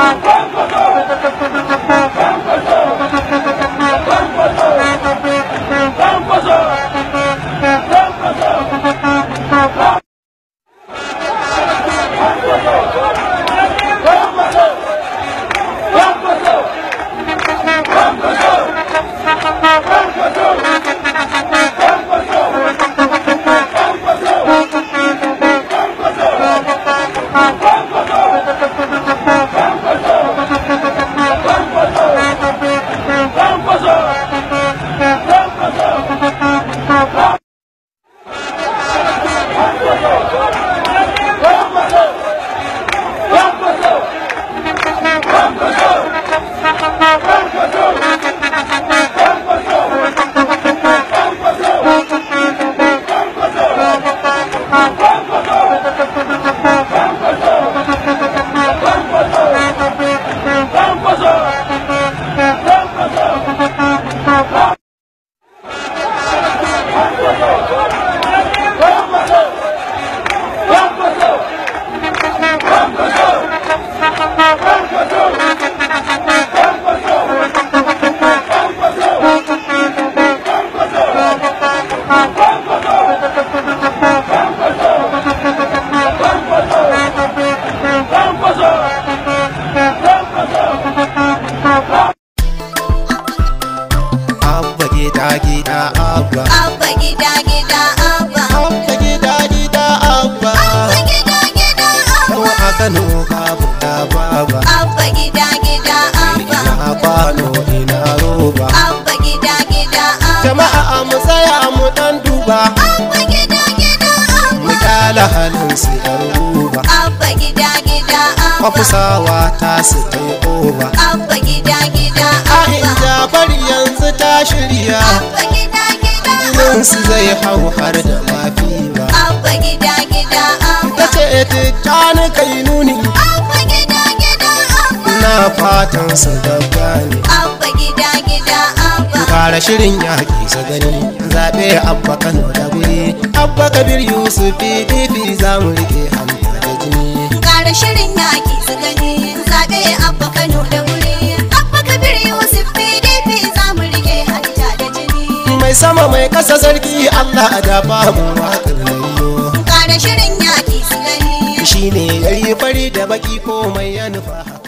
Come on. gida gida abba abba gida gida abba abba gida gida abba abba gida gida abba ko a Kano ka buɗa baba abba gida gida abba ina kwano ina roba abba gida gida abba jama'a mu tsaya mu dan duba abba gida gida abba mu kala halin su yan duba abba gida gida abba kwafusawa ta su ta yi oba abba shirya su zai hau har da mafi ba abba gida gida abba ce ta kai nuni abba gida gida abba na fatan su da ne abba gida gida abba fara shirin yaƙi su gani zaɓe abba kano da guri abba kabir yusuf pdp za mu rike hannu da jini ƙara shirin yaƙi su gani mai sama mai kasa sarki Allah a gaba mu waƙar layo. kana shirin yaƙi su gani. Shi ne gari fari da baki ko mai ya nufa.